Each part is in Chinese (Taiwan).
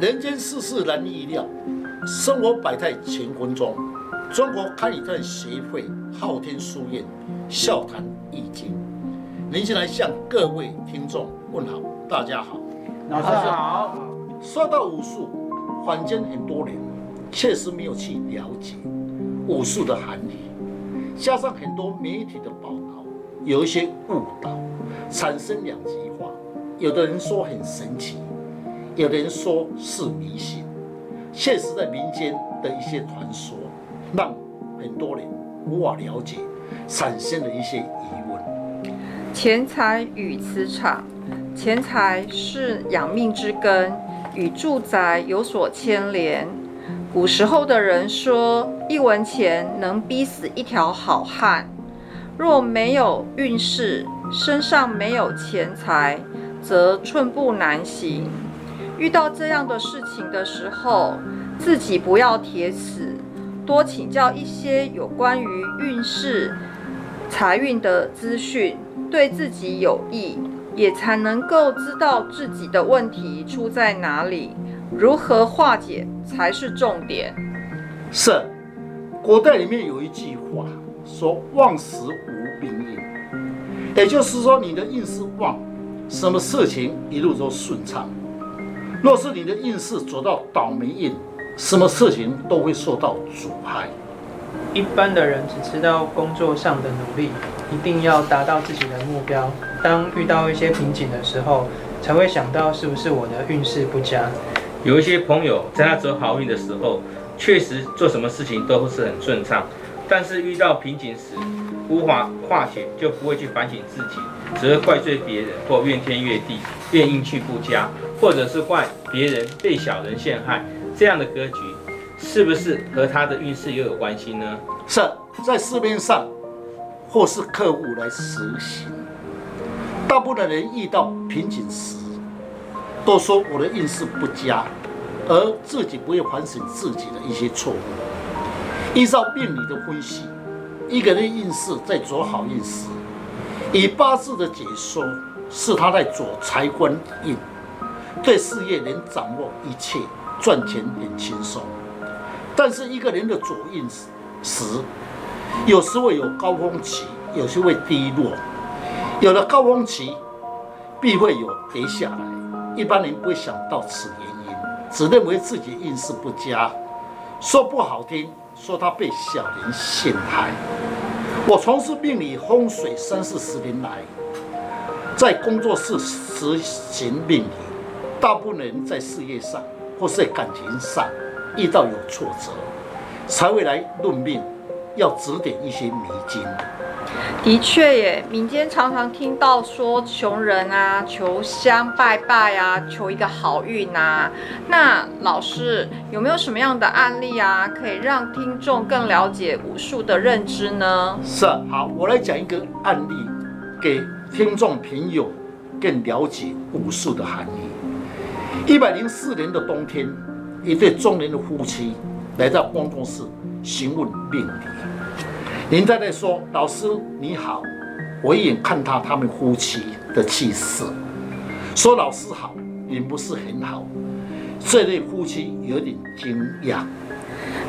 人間世事難意料，生活百態乾坤中。中國堪輿占協會昊天書院笑談易經，您先來向各位聽眾問好，大家好，老師好。說到武術，坊間很多人確實沒有去了解武術的含義，加上很多媒體的報道，有一些誤導，產生兩極化。有的人說很神奇。有人說是迷信，現實在民間的一些傳說，讓很多人無法了解，產生了一些疑問。錢財與磁場，錢財是養命之根，與住宅有所牽連。古時候的人說，一文錢能逼死一條好漢。若沒有運勢，身上沒有錢財，則寸步難行。遇到這樣的事情的時候，自己不要鐵齒，多請教一些有關於運勢、財運的資訊，對自己有益，也才能夠知道自己的問題出在哪裡，如何化解才是重點。是，古代裡面有一句話說：“旺時無病也”，也就是說你的運勢旺，什麼事情一路都順暢。若是你的運勢走到倒霉運，什麼事情都會受到阻礙。一般的人只知道工作上的努力，一定要達到自己的目標。當遇到一些瓶頸的時候，才會想到是不是我的運勢不佳。有一些朋友在他走好運的時候，確實做什麼事情都是很順暢，但是遇到瓶頸時無法化解，就不會去反省自己，只會怪罪別人或怨天怨地，怨運氣不佳。或者是怪別人被小人陷害，這樣的格局是不是和他的運勢又有關係呢？是在市面上或是客戶來實行。大部分人遇到瓶頸時，都說我的運勢不佳，而自己不會反省自己的一些錯誤。依照命理的分析，一個人運勢在走好運時，以八字的解說是他在走財官運。對事業能掌握一切，賺錢很輕鬆。但是一個人的左運時，有時會有高峰期，有時會低落。有了高峰期，必會有跌下來。一般人不會想到此原因，只認為自己運勢不佳。說不好聽，說他被小人陷害。我從事命理風水三四十年來，在工作室實行命理。大部分人在事業上或是在感情上遇到有挫折，才會來論命，要指點一些迷津。的確耶，民間常常聽到說求人啊、求香拜拜啊、求一個好運啊。那老師有沒有什麼樣的案例啊，可以讓聽眾更了解五術的認知呢？是、啊、好，我來講一個案例給聽眾朋友更了解五術的含義。一百零四年的冬天，一對中年的夫妻來到辦公室詢問命理。您在那說：“老師你好，我一眼看他他們夫妻的氣勢，說老師好，並不是很好。”這對夫妻有點驚訝。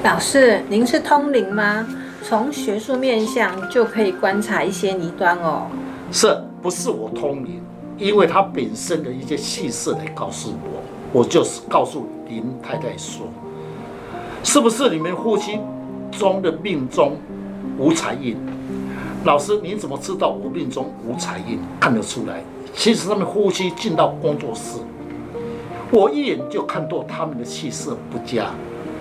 老師，您是通靈嗎？從學術面相就可以觀察一些倪端哦。是不是我通靈？因為他本身的一些氣色來告訴我，我就是告訴林太太說，是不是你們夫妻中的命中無財印？老師，你怎麼知道我命中無財印看得出來？其實他們夫妻進到工作室，我一眼就看到他們的氣色不佳，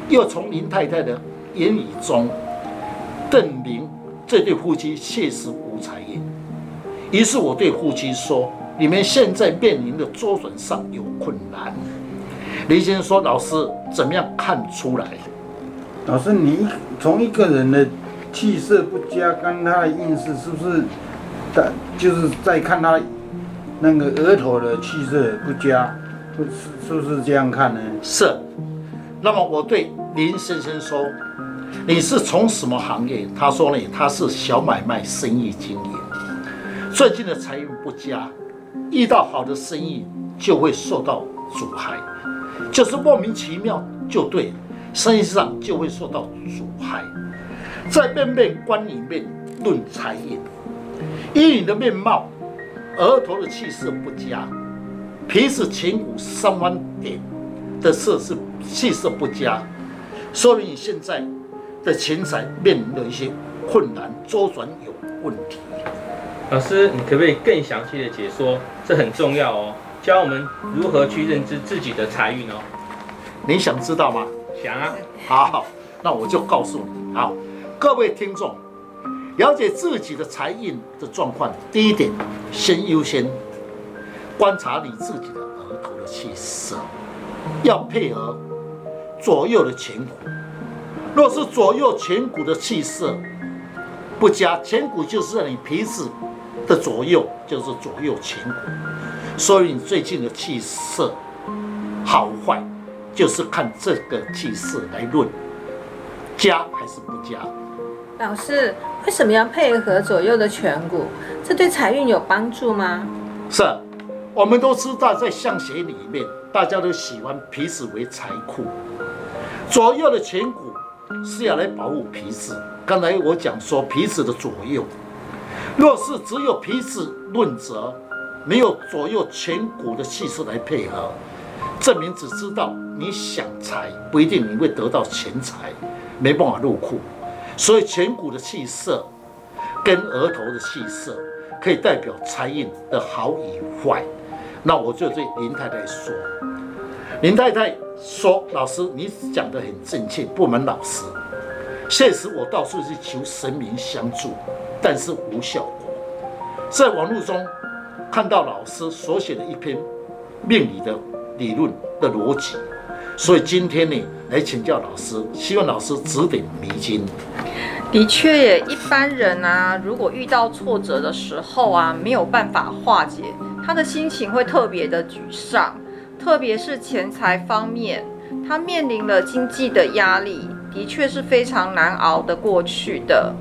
又從林太太的言語中，證明這對夫妻確實無財印。於是我對夫妻說。你們現在面臨的周轉上有困難。林先生說：“老師，怎麼樣看出來？”老師，你從一個人的氣色不佳，跟他的運勢是不是就是在看他那個額頭的氣色不佳，是是不是這樣看呢？是。那麼我對林先生說：“你是從什麼行業？”他說：“呢，他是小買賣，生意經營，最近的財運不佳。”遇到好的生意就會受到阻礙，就是莫名其妙就對，生意上就會受到阻礙。在面面觀裡面論財運，以你的面貌，額頭的氣色不佳，鼻子顴骨三萬點的色是氣色不佳，說明你現在的錢財面臨的一些困難，周轉有問題。老師，你可不可以更詳細的解說？這很重要哦，教我們如何去認知自己的財運哦。你想知道嗎？想啊。好，好，那我就告訴你。好，各位聽眾，了解自己的財運的狀況，第一點，先優先觀察你自己的額頭的氣色，要配合左右的顴骨。若是左右顴骨的氣色不佳，顴骨就是讓你鼻子。的左右就是左右顴骨，所以你最近的氣色好壞，就是看這個氣色來論加還是不加。老師，為什麼要配合左右的顴骨？這對財運有幫助嗎？是啊，我們都知道，在相學裡面，大家都喜歡鼻子為財庫，左右的顴骨是要來保護鼻子。剛才我講說鼻子的左右。若是只有皮質潤澤，沒有左右顴骨的氣色來配合，證明只知道你想財，不一定你會得到錢財，沒辦法入庫。所以顴骨的氣色跟額頭的氣色可以代表財運的好與壞。那我就對林太太說，林太太說：“老師，你講得很正確，不瞞老師。”現實我到處去求神明相助，但是無效果。在網絡中看到老師所寫的一篇命理的理論的邏輯，所以今天呢，來請教老師，希望老師指點迷津。的確，一般人啊，如果遇到挫折的時候啊，沒有辦法化解，他的心情會特別的沮喪，特別是錢財方面，他面臨了經濟的壓力。的確是非常難熬的過去的。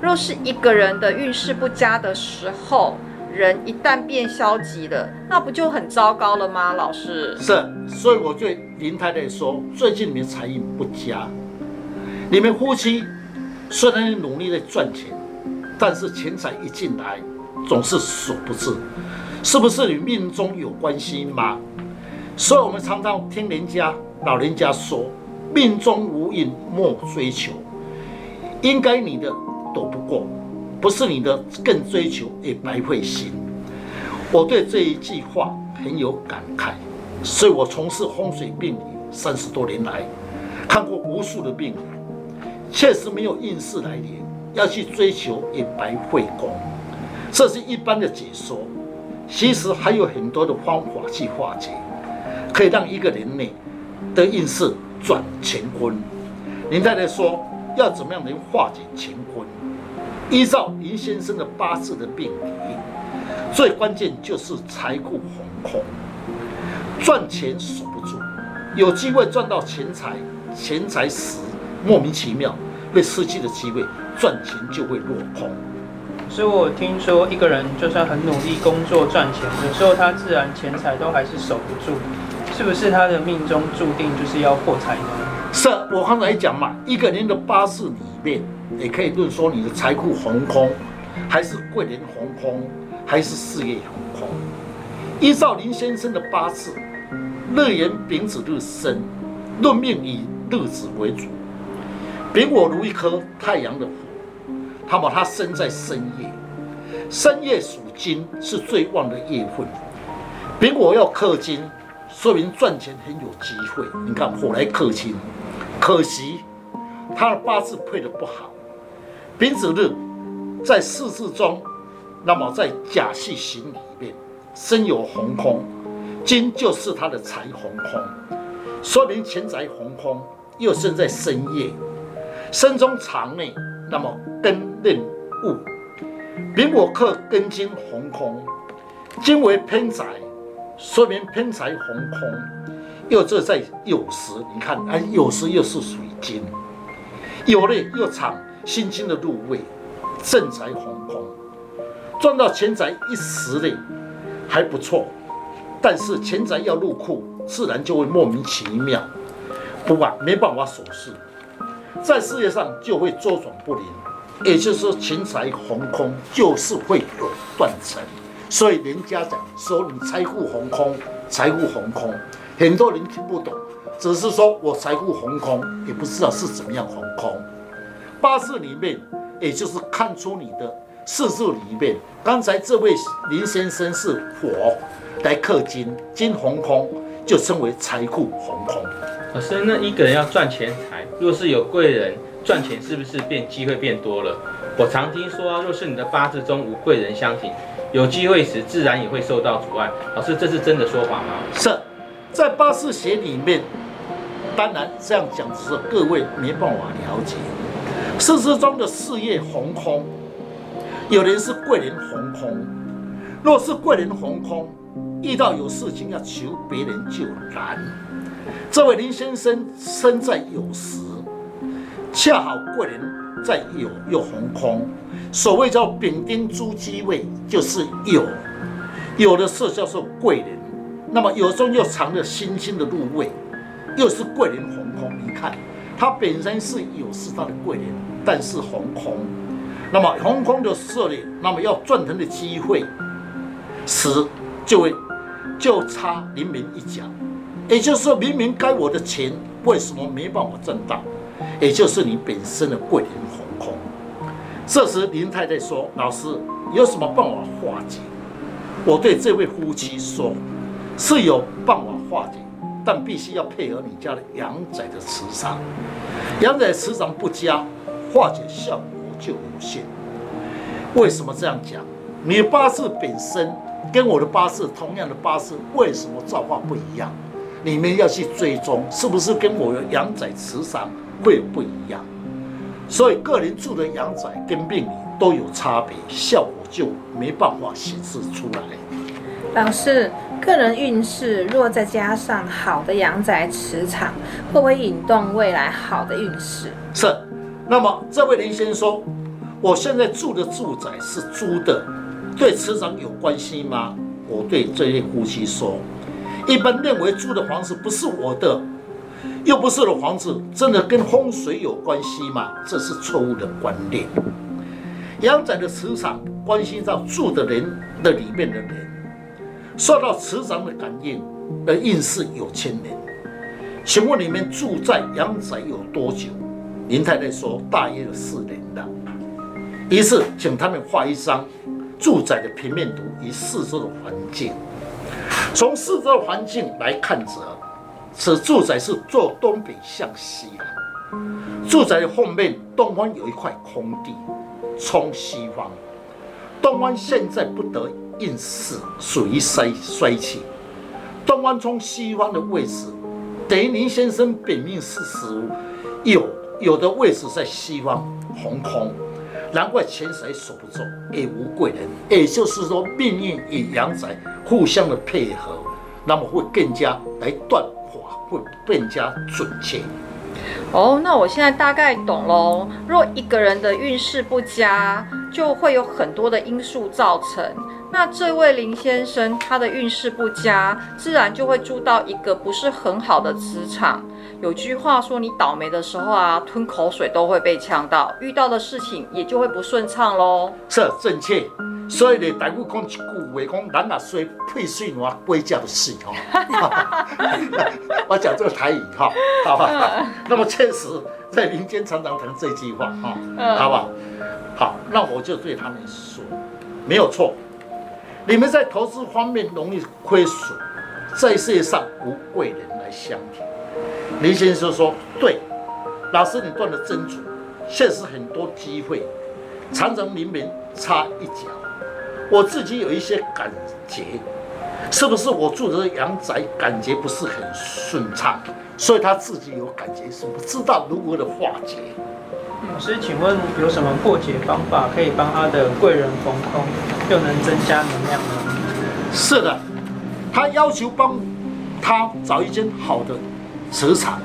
若是一個人的運勢不佳的時候，人一旦變消極了，那不就很糟糕了嗎？老師是，所以我對林太太說，最近你們財運不佳，你們夫妻雖然努力在賺錢，但是錢財一進來總是收不至，是不是與命中有關係嗎？所以我們常常聽人家老人家說。命中無運莫追求，應該你的躲不過，不是你的更追求也白費心。我對這一句話很有感慨，所以我從事風水命理三十多年來，看過無數的病人，確實沒有運勢來臨，要去追求也白費功。這是一般的解說，其實還有很多的方法去化解，可以讓一個人呢的運勢轉乾坤，您太太說要怎麼樣能化解乾坤？依照林先生的八字的病理，最關鍵就是財庫空空，賺錢守不住，有機會賺到錢財，錢財時莫名其妙被失去的機會，賺錢就會落空。所以我聽說，一個人就算很努力工作賺錢，有時候他自然錢財都還是守不住。是不是他的命中注定就是要破財呢？是啊，我剛才講嘛，一個人的八字裡面，也可以論說你的財庫紅空，還是貴人紅空，還是事業紅空。依照林先生的八字，日元丙子日生，論命以日子為主。丙火如一顆太陽的火，他把它生在深夜，深夜屬金，是最旺的夜份。丙火要克金。說明賺錢很有機會。你看火來克金，可惜他的八字配的不好。丙子日在四字中，那麼在甲戌旬裡面申有旬空，金就是他的財旬空，說明錢財旬空，又生在深夜，申中藏內，那麼物庚壬戊，丙火克庚金旬空，金為偏財。說明偏財紅空，又這在酉時你看，哎，酉時又是水晶，有的又長，輕輕的入位，正財紅空，賺到錢財一時的還不錯，但是錢財要入庫，自然就會莫名其妙，不管沒辦法守勢，在事業上就會周轉不靈，也就是說，錢財紅空就是會有斷層。所以人家講說你財庫紅空，財庫紅空，很多人聽不懂，只是說我財庫紅空，也不知道是怎麼樣紅空。八字裡面，也就是看出你的四柱裡面，剛才這位林先生是火來克金，金紅空就稱為財庫紅空。可是那一個人要賺錢財，若是有貴人賺錢，是不是變機會變多了？我常聽說、啊，若是你的八字中無貴人相挺，有機會時自然也會受到阻礙。老師，這是真的說法嗎？是，在八字學裡面，當然這樣講的時候，各位沒辦法了解。四柱中的事業鴻空，有人是貴人鴻空。若是貴人鴻空，遇到有事情要求別人就難。這位林先生身在有時，恰好貴人。再有又紅空，所謂叫丙丁豬雞位，就是有有的色叫做貴人，那麼有時候又藏着星星的入位，又是貴人紅空，你看，它本身是有是它的貴人，但是紅空，那麼紅空的色裡，那麼要賺錢的機會，是就會就差臨門一腳，也就是說明明該我的錢，為什麼沒辦法掙到？也就是你本身的貴人。這時，林太太說：“老師，有什麼辦法化解？”我對這位夫妻說：“是有辦法化解，但必須要配合你家的陽宅的磁場。陽宅磁場不佳，化解效果就無限。為什麼這樣講？你八字本身跟我的八字同樣的八字，為什麼造化不一樣？你們要去追蹤，是不是跟我的陽宅磁場會有不一樣？”所以個人住的陽宅跟命理都有差別，效果就沒辦法顯示出來。老師，個人運勢若再加上好的陽宅磁場，會不會引動未來好的運勢？是。那麼這位林先生說，我現在住的住宅是租的，對磁場有關係嗎？我對這些夫妻說，一般認為租的房子不是我的。又不是的房子真的跟風水有關係嗎？這是錯誤的觀念。陽宅的磁場關係到住的人的裡面的人受到磁場的感應，而運勢有牽連。請問你們住在陽宅有多久？林太太說大約有四年了。於是請他們畫一張住宅的平面圖，以四周的環境。從四周環境來看着此住宅是坐東北向西，住宅後面東方有一塊空地，沖西方。東方現在不得運勢，屬於衰衰氣。東方沖西方的位置，等於您先生本命是屬有有的位置在西方空空，難怪錢財守不住，也無貴人。也就是說，命運與陽宅互相的配合，那麼會更加來斷。會更加準確哦。Oh, 那我現在大概懂嘍。若一個人的運勢不佳，就會有很多的因素造成。那這位林先生，他的運勢不佳，自然就會住到一個不是很好的磁場。有句話說，你倒霉的時候啊，吞口水都會被嗆到，遇到的事情也就會不順暢嘍。這正確。所以你大夫講一句話，講咱若水配水，哇，幾家的事吼。我講這個台語吼，好不好？那麼確實在民間常常談這句話哈，好吧、嗯，好，那我就對他們說，沒有錯，你們在投資方面容易虧損，在事業上無貴人來相提。林先生說對，老師你斷了真主，確實很多機會，常常明明差一腳。我自己有一些感覺，是不是我住的陽宅感覺不是很順暢，所以他自己有感覺，是不知道如何的化解。老師，請問有什麼破解方法可以幫他的貴人逢空，又能增加能量嗎？是的，他要求幫他找一間好的磁場，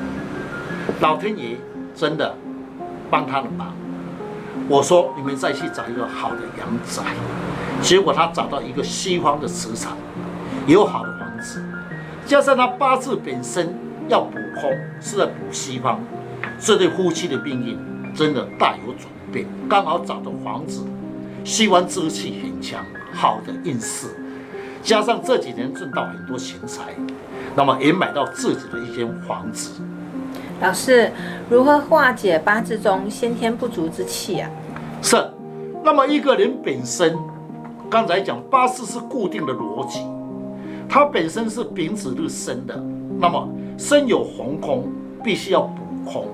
老天爺真的幫他的忙。我說，你們再去找一個好的陽宅。結果他找到一個西方的磁場，有好的房子，加上他八字本身要補空，是在補西方，這對夫妻的命運真的大有轉變。剛好找到房子，西方之氣很強，好的運勢，加上這幾年掙到很多錢財，那麼也買到自己的一間房子。老師，如何化解八字中先天不足之氣啊？是，那麼一個人本身。剛才講八字是固定的邏輯，它本身是丙子日生的，那麼生有紅空，必須要補空。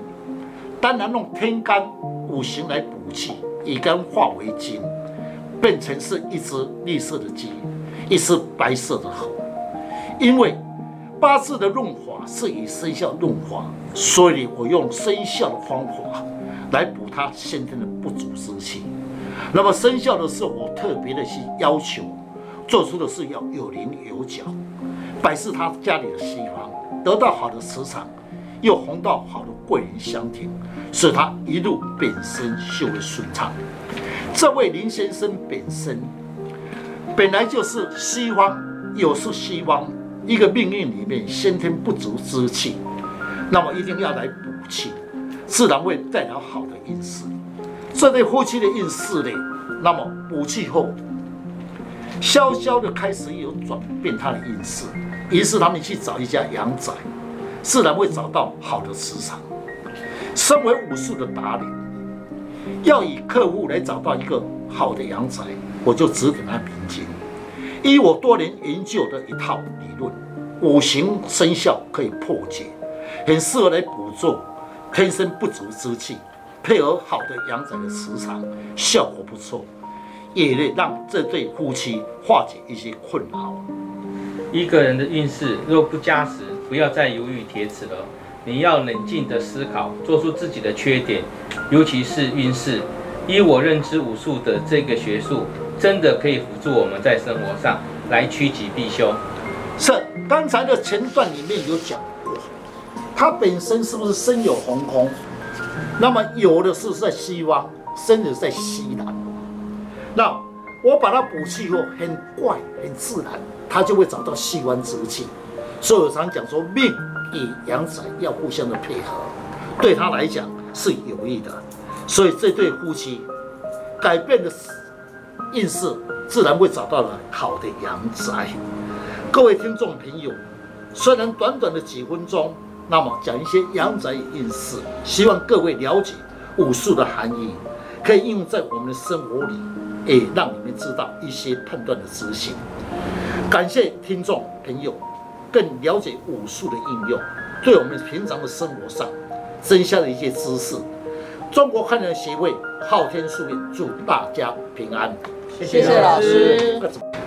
當然用天干五行來補氣，乙庚化為金，變成是一只綠色的雞，一只白色的猴。因為八字的用法是以生肖用法，所以我用生肖的方法來補它先天的不足之氣。那麼生效的時候，我特別的去要求，做出的事要有稜有角，擺飾他家裡的西方，得到好的磁場，又紅到好的貴人相挺，使他一路變身修為順暢。這位林先生本身本來就是西方，又是西方一個命運裡面先天不足之氣，那麼一定要來補氣，自然會帶來好的運勢。這對夫妻的運勢呢？那麼補氣後，悄悄的開始有轉變他的運勢。於是他們去找一家陽宅，自然會找到好的磁場。身為武術的達人，要以客戶來找到一個好的陽宅，我就只給他明經。依我多年研究的一套理論，五行生肖可以破解，很適合來補足天生不足之氣。配合好的陽宅的磁場，效果不錯，也能讓這對夫妻化解一些困擾。一個人的運勢若不佳時，不要再猶豫鐵齒了。你要冷靜的思考，做出自己的缺點，尤其是運勢。依我認知武術的這個學術，真的可以輔助我們在生活上來趨吉避凶。是，剛才的前段裡面有講過，他本身是不是身有鴻空？那麼有的是在西方，甚至在西南。那我把它補氣後，很怪，很自然，他就會找到西方之氣。所以我常講說，命與陽宅要互相的配合，對他來講是有益的。所以這對夫妻改變的是運勢，自然會找到了好的陽宅。各位聽眾朋友，雖然短短的幾分鐘。那麼講一些陽宅運勢，希望各位了解武術的含義，可以應用在我們的生活裡，也讓你們知道一些判斷的知識。感謝聽眾朋友，更了解武術的應用，對我們平常的生活上增加了一些知識。中國漢人協會昊天書院祝大家平安，謝謝老師。謝謝老師。